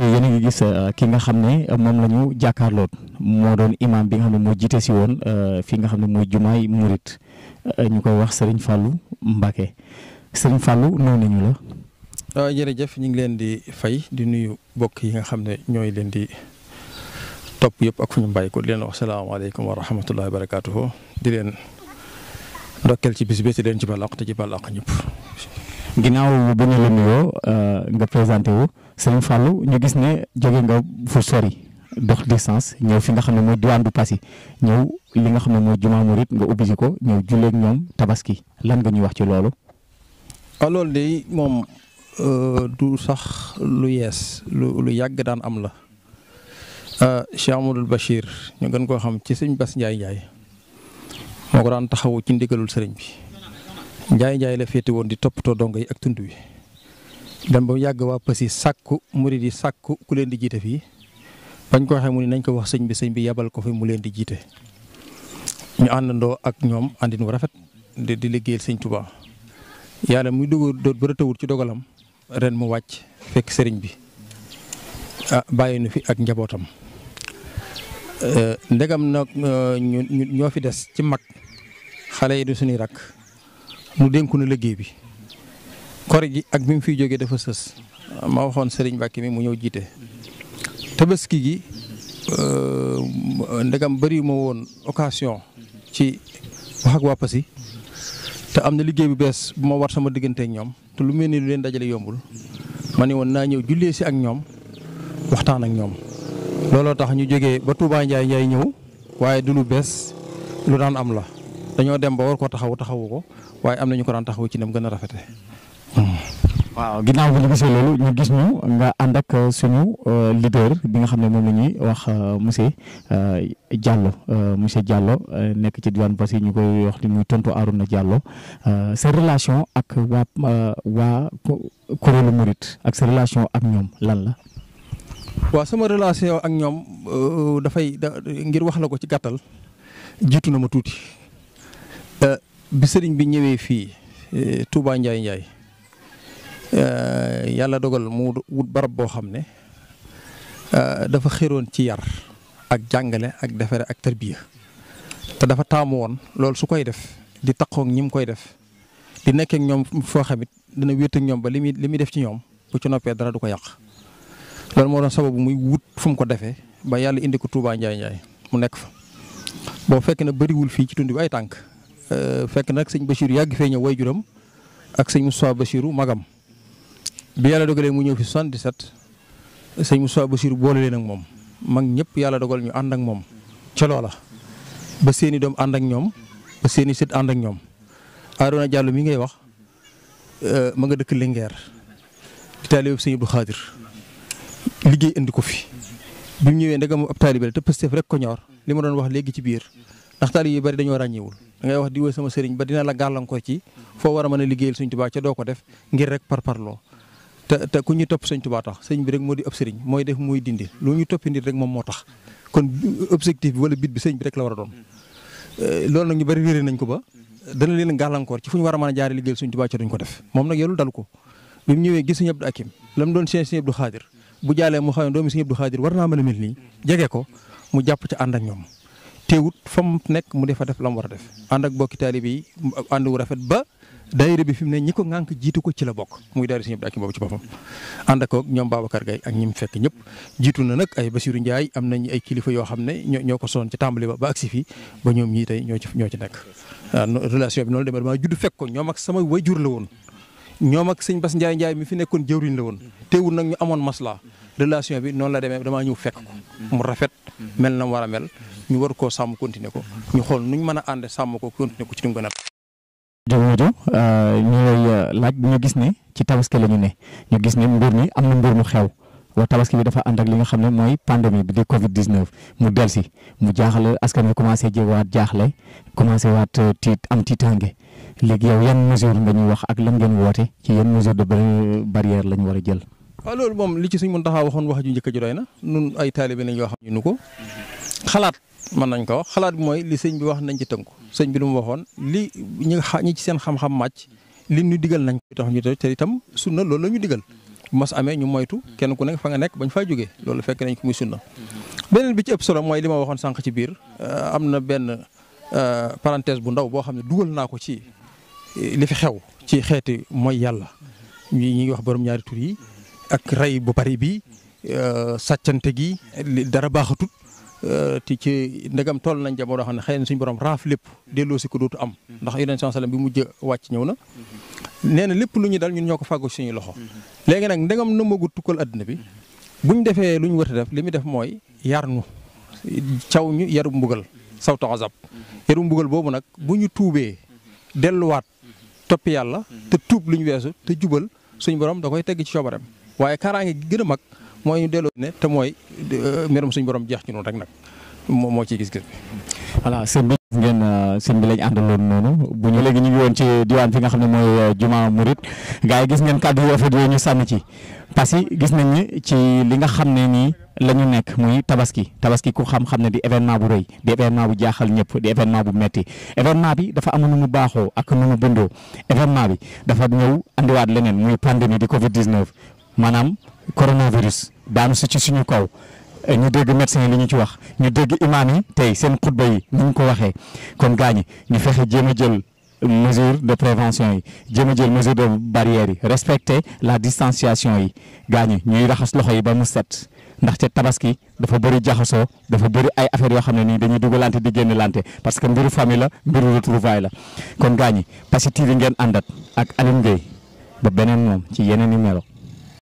yéen a ngi gis euh, ki nga xam ne moom la ñu jàkkaarloon moo doon imam bi nga xam ne moo jiite si woon euh, fi nga xam ne mooy jumaay murit euh, ñu koy wax Serigne Fallou Mbacké Serigne Fallou noonu nañu la. waaw jërëjëf ñu ngi leen di fay di nuyu bokk yi nga xam ne ñooy leen di topp yëpp ak fu ñu bàyyi ko di leen wax salaamaaleykum wa rahmatullahi wa di leen ndokkeel ci bis bi di leen ci balaq te ci balaq ñëpp. ginnaaw bu ñu la nuyoo nga présenté wu. serigne Fallou ñu gis ne jogé nga fu sori dox distance ñew fi nga xam ne diwan du passé ñew li nga xam ne juma mourid nga ubbi ko ñew ñëw ak ñom tabaski lan nga ñuy wax ci loolu. waaw loolu de euh du sax lu yes lu lu yag daan am la. euh Cheikh Amadou Bachir ñu gën ko xam ci serigne Bass Ndiaye Ndiaye moo ko daan taxawu ci ndigalul serigne bi Ndiaye Ndiaye la fété won di top to dongay ak tundu wi. dem ba mu yàgg waa Passy sàkku murid di sàkku ku leen di jiite fii bañ ko waxee mu ne nañ ko wax sëñ bi sëñ bi yebal ko fi mu leen di jiite. ñu àndandoo ak ñoom àndin wu rafet di di liggéeyal sëñ Tuubaa yàlla muy dugg doot bëratawul ci dogalam ren mu wàcc fekk sëriñ bi ah, bàyyi nu fi ak njabootam. Eh, ndegam nag eh, ñu ñoo fi des ci mag xale yi du suñuy rakk mu dénku na liggéey bi. Korigi gi ak bi fi joge dafa seus ma waxoon serigne bakki mi mu ñew jité tabaski gi euh, ndegam bari mo won occasion ci wax ak wapasi te amna liggey bu bes bu ma war sama digënté ak ñom te lu melni lu leen dajalé yombul ma won na ñew jullé ci si ak ñom waxtaan ak ñom lolo tax ñu joge ba Touba ndjay Ndiaye ñew waye du lu bes lu daan am la dañoo dem ba war ko taxaw taxawuko waye amna ñu ko daan taxaw ci gëna rafété waaw ginnaaw bi ñu gisee loolu ñu gis ñu nga ànd ak euh, suñu euh, leader bi nga xam ne moom la ñuy wax euh, monsieur Diallo monsieur Diallo nekk ci diwaan Passy ñu koy wax ni muy tontu Arouna Diallo sa relation ak waa waa Murit ak sa relation ak ñoom lan la. waaw sama relation ak ñoom dafay ngir wax la ko ci gàttal jiitu na ma tuuti bi sëriñ bi ñëwee fii Touba Ndiaye Ndiaye. Euh, yàlla dogal mu wut barab boo xam ne euh, dafa xëroon ci yar ak jàngale ak defare ak tarbiya te dafa taamu woon loolu su koy def di taqoog ñi mu koy def di nekk ñoom foo xamit dina wéet ak ñoom ba li muy li muy def ci ñoom bu ci noppee dara du ko yàq loolu moo doon sababu muy wut fu mu ko defee ba yàlla indi ko Touba Ndiaye Ndiaye mu nekk fa. boo fekk na bariwul fii ci tund bi tànk euh, fekk nag sëñ Bachir yàgg fee ñëw juróom ak sëñ Moussa Bachiru magam. bi yalla dogalee mu ñëw fi 77 sëñ Moussa Bassirou boole len ak mom mag ñëpp yalla dogal ñu and ak moom ci loola ba seeni dom and ak ñom ba seeni sët and ak ñom aruna Diallo mi ngay wax euh, ma nga dëkk Linguère di taalibe sëñ Abdou Khadir liggéey andi ko fi bi mu ñëwee mu ab te pestef rek ko ñor li ma doon wax léegi ci biir ndax talib yu bari dañoo ràññeewul da ngay wax di woo sama sëriñ ba dina la ko ci fo wara mëna mën a liggéeyal Sëñ Tuubaa ca doo ko def ngir rek parparloo te te ku ñuy topp sëñ Tuubaa tax sëñ bi rek moo di ëpp sëriñ mooy def muy dindi lu ñu toppi nit rek moom moo tax kon objectif bi wala bit bi sëñ bi rek la war a doon eh, loolu nag ñu bari réeré nañ ko ba dana leen gàllankoor ci fu ñu war a mën a jaare liggéeyal sëñ Tuubaa ca duñ ko def moom nag yolul dal ko bi mu ñëwee gis sëñ Abdou Akim la mu doon seen sëñ Abdou Xaadir bu jaalee mu xam ne doomi sëñ Abdou Xaadir war naa mën a mel nii jege ko mu jàpp ca ànd ak ñoom teewut mu nekk mu defa def la mu war a def ànd ak bokki taalibe ba daayira bi fi mu ne ñi ko ŋànk jiitu ko ci la bokk muy daayira Sëriñ Abdou Hakim boobu ci boppam ànd ak ñoom kar Gaye ak ñi mu fekk ñëpp jiitu na nag ay Bassirou Ndiaye am nañ ay kilifa yoo xam ne ñoo ko soon ci tàmbali ba ba agsi fi ba ñoom ñii ñoo ci ñoo ci nekk ah, relation bi noonu demee dama judd fekk ko ñoom ak sama wayjur la woon ñoom ak sëñ Bass Ndiaye Ndiaye mi fi nekkoon jëwriñ la woon teewul nag ñu amoon maslaa relation bi noonu la demee damaa ñëw fekk ko mu rafet mel na mu war a mel ñu war koo sàmm continuer ko ñu xool nu ñu mën a ànd sàmm ko continuer ko ci ni mu gën a jërëjëf euh, ñu ngi euh, laaj ñu gis ne ci tabaski la ñu ne ñu gis ne mbir mi am na mbir mu xew wa tabaski bi dafa ànd ak li nga xam ne pandémie bi di Covid 19 mu del si mu jaaxle askan wi commencé jéewaat jaaxle commencé waat euh, tiit am tiitaange léegi yow yan mesure nga ñuy wax ak lan ngeen woote ci yan mesure de barrière la ñu jël. waaw loolu moom li ci suñ mën taxaa wax ju njëkk ji doy nun ay taalibe lañ yoo ñu ko xalaat. mën nañ ko wax xalaat bi mooy li sëñ bi wax nañ ci tënku sëñ bi lu mu waxoon li ñi ñi ci seen xam-xam màcc li ñu digal nañ ko tax ñu te itam sunna loolu la ñu digal mas amee ñu moytu kenn ku nekk fa nga nekk bañ faa jógee loolu fekk nañ ko muy sunna beneen bi ci ëpp solo mooy li ma waxoon sànq ci biir euh, am na benn euh, parenthèse bu ndaw boo xam ne dugal naa ko ci euh, li fi xew ci xeeti mooy yàlla ñu ngi wax borom ñaari tur yi ak rey bu bari bi sàccante gi dara Euh, ti ci ndegam toll nañ jamono xam ne xëy na suñu borom raaf lépp delloo si ko dootu am ndax yonent sallallahu alayhi wasallam bi mujj wàcc ñëw na nee na lépp lu ñu dal ñun ñoo ko fàggu suñu loxo léegi nag ndegam nëmmagu tukkal adduna bi buñ defee lu ñu war a def li muy def mooy yar nu caw ñu yarum mbugal sawtu azab yarum mbugal boobu nag bu ñu tuubee delluwaat toppi yàlla te tuub lu ñu weesu te jubal suñu borom da koy tegg ci coobaram waaye kaaraange gi gën a mag mooy ñu delloo ne te mooy euh, mbirum suñu borom jeex ci noonu rek nag moom moo ciy gis-gis bi. ngeen euh, sëñ bi lañ àndaloon noonu bu ñu léegi ñu ngi woon ci diwaan fi nga xam ne mooy euh, juma murit gars yi gis ngeen kàddu yoo xam ñu sànni ci parce que gis nañ ni ci li nga xam ne ni la ñu nekk muy tabaski tabaski ku xam-xam ne di événement bu rëy di événement bu jaaxal ñëpp di événement bu metti événement bi dafa am nu mu baaxoo ak nu mu bindoo événement bi dafa ñëw andiwaat leneen muy pandémie di Covid 19 maanaam. coronavirus daanu si ci suñu kaw ñu dégg médecin li ñu ci wax ñu dégg imam yi tey seen xutba yi ni ñu ko waxee kon gaa ñi ñu fexe jéem a jël mesure de prévention yi jéem a jël mesure de barrière yi respecter la distanciation yi gaa ñi ñuy raxas loxo yi ba mu set ndaxte tabaski dafa bëri jaxasoo dafa bëri ay affaire yoo xam ne nii dañuy dugalante di génn lante parce que mbiru famille la mbiru retrouvaille la kon gaa ñi Passy ngeen àndat ak alim Gueye ba beneen moom ci yeneen i melo